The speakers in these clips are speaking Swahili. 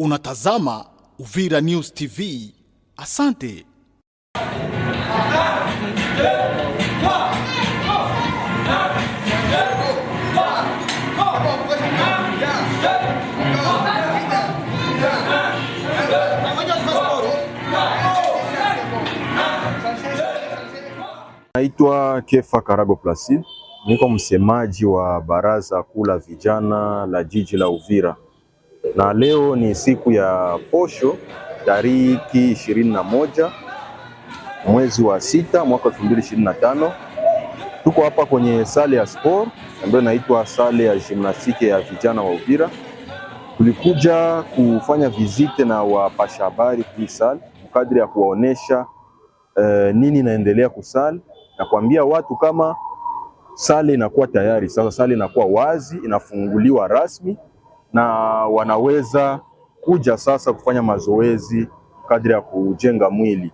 Unatazama Uvira News TV. Asante. Naitwa Kefa Karago Placide, niko msemaji wa baraza kuu la vijana la jiji la Uvira na leo ni siku ya posho tariki ishirini na moja mwezi wa sita mwaka 2025. Tuko hapa kwenye sale ya sport ambayo inaitwa sale ya gymnastique ya vijana wa Uvira. Tulikuja kufanya vizite na wapasha habari hii sale kadri ya kuwaonesha eh, nini inaendelea kusali na kuambia watu kama sale inakuwa tayari sasa. Sale inakuwa wazi, inafunguliwa rasmi na wanaweza kuja sasa kufanya mazoezi kadri ya kujenga mwili.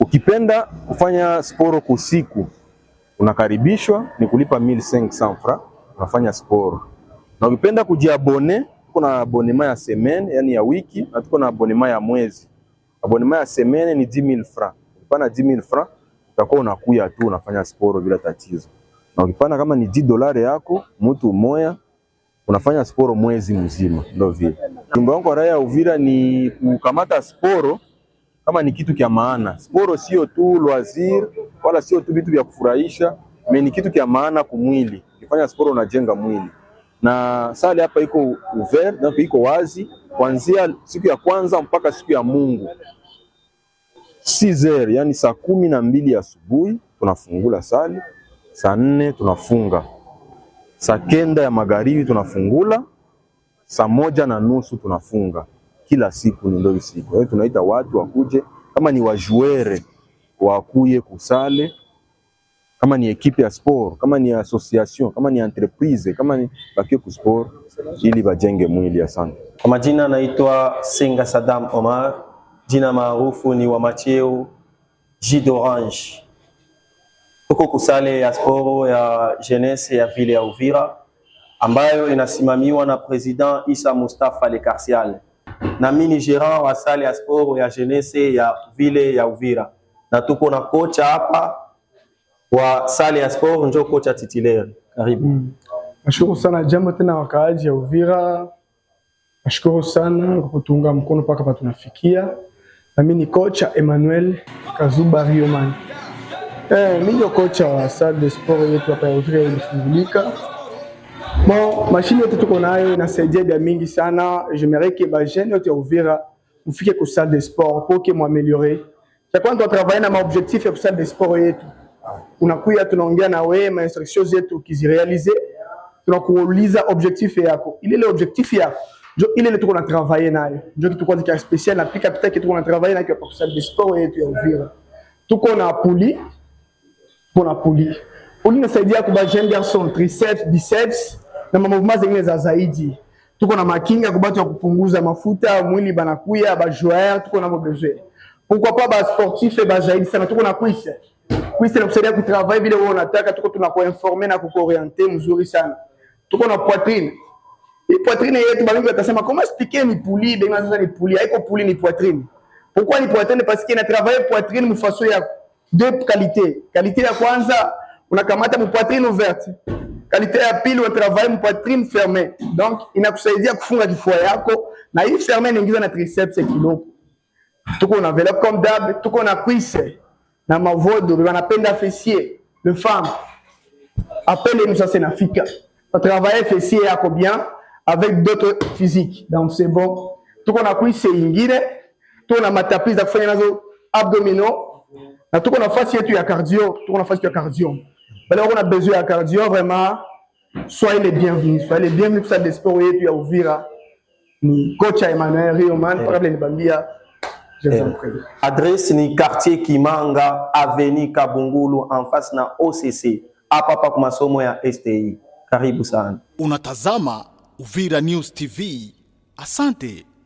Ukipenda kufanya sporo kusiku, unakaribishwa ni kulipa 1500 francs, unafanya sporo. Na ukipenda kujiabone, tuko na abonema ya semaine, yani ya wiki, na tuko na abonema ya mwezi. Abonema ya semaine ni 10000 francs. Ukipana 10000 francs utakuwa unakuya tu unafanya sporo bila tatizo, na ukipana kama ni 10 dolari yako mtu mmoja unafanya sporo mwezi mzima, ndio vile. Jumbe wangu wa raia ya Uvira ni kukamata sporo kama ni kitu kya maana. Sporo sio tu loisir wala sio tu vitu vya kufurahisha, me ni kitu kya maana kumwili. Ukifanya sporo unajenga mwili, na sale hapa iko uver na iko wazi kuanzia siku ya kwanza mpaka siku ya Mungu 6 yani saa kumi na mbili asubuhi tunafungula sali, saa nne tunafunga saa kenda ya magharibi tunafungula, saa moja na nusu tunafunga. Kila siku ni ndio siku, kwa yaani hiyo tunaita watu wakuje, kama ni wajuere wakuye kusale, kama ni ekipe ya sport, kama ni association, kama ni entreprise, kama ni bakie kusport ili bajenge mwili. Asante. Kwa majina anaitwa Senga Saddam Omar, jina maarufu ni wa macheo Jus d'Orange. Tuko kusale ya sporo ya jeunesse ya vile ya Uvira ambayo inasimamiwa na President Isa Mustafa Le Carcial, na mimi ni gerant wa sale ya sporo ya jeunesse ya vile ya Uvira, na tuko na kocha hapa wa sale ya sporo, njo kocha titulaire. Karibu. Hmm. Nashukuru mm sana. Jambo tena wakaaji ya Uvira, nashukuru sana kwa mkono mpaka patunafikia, na mimi ni kocha Emmanuel Kazuba Rioman. Eh, mimi ndio kocha wa Salle Sport yetu hapa Uvira ilishughulika. Bon, mashine yetu tuko nayo inasaidia bia mingi sana. J'aimerais que ba jeune yote ya Uvira mfike ku Salle de Sport pour que muameliore. Cha kwanza travailler na maobjectif ya Salle de Sport yetu. Unakuya tunaongea na wewe ma instructions zetu kizirealize. Tunakuuliza objectif yako. Ile ile objectif yako ndio ile ile tuko na travailler nayo. Ndio kitu kwanza cha special na pika pita kitu tuko na travailler nayo kwa Salle de Sport yetu ya Uvira. Tuko na puli mpona puli puli inasaidiaka bajembe triceps biceps na mamovema zengine za zaidi. Tuko na makinga kwa ya kupunguza mafuta mwili, banakuya bajoer, tuko navo besoin pourquoi pas ba sportif ba zaidi sana. Tuko na kuise kuise nakusaidia kutravaille vile wewe unataka, tuko tunakuinforme na kukuoriente mzuri sana. Tuko na poitrine hii poitrine yetu bangi watasema comment expliquer ni puli bengi, sasa ni puli haiko puli, ni poitrine. Pourquoi ni poitrine? Parce qu'il na travaille poitrine mfaso yako deux qualités. Qualité ya kwanza unakamata mupoitrine ouverte, Qualité ya pili unatravaille mupoitrine fermée. donc inakusaidia kufunga kifua yako, na hii fermée inaingiza na triceps kidogo. Tuko na velo comme d'hab, tuko na cuisse na mavodo banapenda fessier le femme Appelle nous ça c'est nafika travailler fessier yako bien avec d'autres physiques, donc c'est bon. Tuko na cuisse ingine, tuko na matapizi za kufanya nazo abdominaux na tuko nafasi yetu ya cardio, tuko nafasi ya cardio bale on a besoin ya cardio vraiment, soyez les bienvenus, soyez les bienvenus kwa sababu puis yetu ya Uvira ni Coach Emmanuel Rioman yeah. ni les yeah. Adresse ni quartier Kimanga avenue Kabungulu en face na OCC à Papa kwa masomo ya STI. Karibu sana. Unatazama Uvira News TV. Asante.